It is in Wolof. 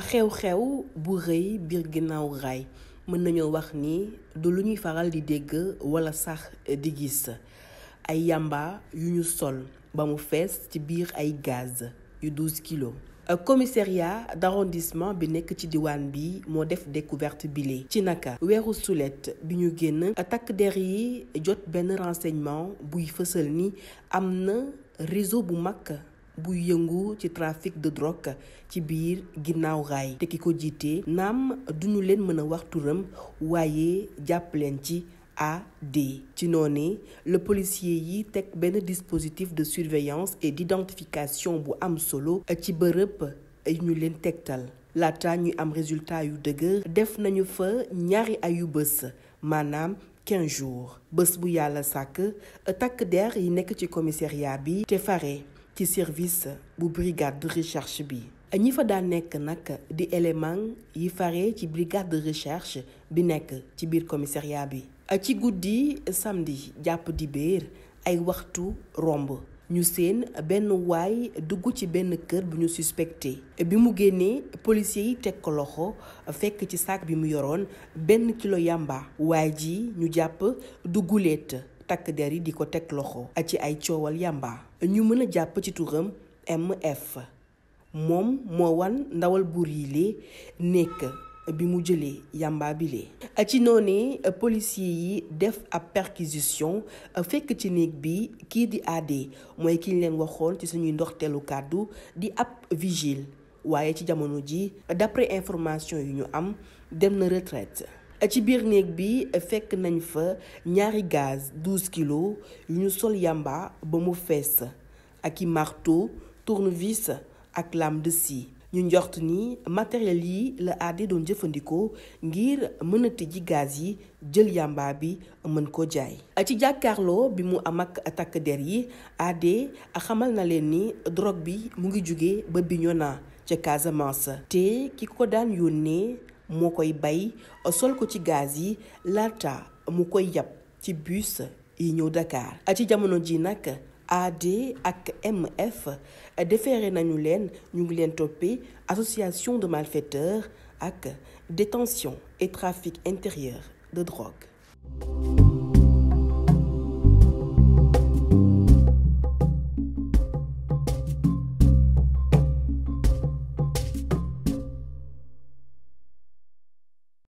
xew-xew bu rëy biir ginnaaw raay mën nañoo wax ni du lu ñuy faral di dégg wala sax di gis ay yamba yu ñu sol ba mu fees ci biir ay gaz yu 12 kilos commissariat d'arrondissement bi nekk ci diwaan bi moo def découverte bile ci naka weeru sulet bi ñu génn takk der yi jot benn renseignement buy fësal ni am na réseau bu mag buy yëngu ci trafic de drogue ci biir ginnaaw raay te ki ko jiitee naam duñu leen mën a wax turam waaye jàpp leen ci AD ci noonu le policier yi teg benn dispositif de surveillance et d'identification bu am solo ci bërëb yu ñu leen tegtal laata ñu am résultat yu dëgër def nañu fa ñaari ayu bés maanaam quinze jours bés bu yàlla sàkk takk der yi nekk ci commissariat bi te fare ci service bu brigade de recherche bi ñi fa daan nekk nag di élément yi fare ci brigade de recherche bi nekk ci biir commissariat bi ci guddi samdi jàpp di dibéer ay waxtu romb ñu seen benn waay dugg ci benn kër bu ñu suspecté bi mu génnee policier yi teg ko loxo fekk ci saak bi mu yoroon benn kilo yàmba waay ji ñu jàpp du guléet takk der yi di ko teg loxo ci ay coowal yàmba ñu mën a jàpp ci turam MF moom moo wan ndawal buur yi lee nekk bi mu jëlee yàmba bi lee ci noonee policier yi def ab perquisition fekk ci néeg bi kii di AD mooy ki ñu leen waxoon ci suñuy ndox ndoxteelu kàddu di ab vigile waaye ci jamono ji d'après information yu ñu am dem na retraite ci biir néeg bi fekk nañ fa ñaari gaz 12 kilos yu ñu sol yamba ba mu fees ak i marteau tournevis ak lame de scie ñu njort ni matériel yi la aade doon jëfandikoo ngir mën a gaz yi jël yamba bi mën koo jaay ci jàkkaarloo bi mu am ak takk der yi aade xamal na leen ni drogue bi mu ngi jóge ba naa ca Casamance te ki ko daan yónnee moo koy bay sol ko ci gaz yi lata mu koy yab ci bus yi ñëw Dakar ci jamono ji nag AD ak MF déféré nañu leen ñu ngi leen toppee association de malfaiteurs ak détention et trafic intérieur de drogue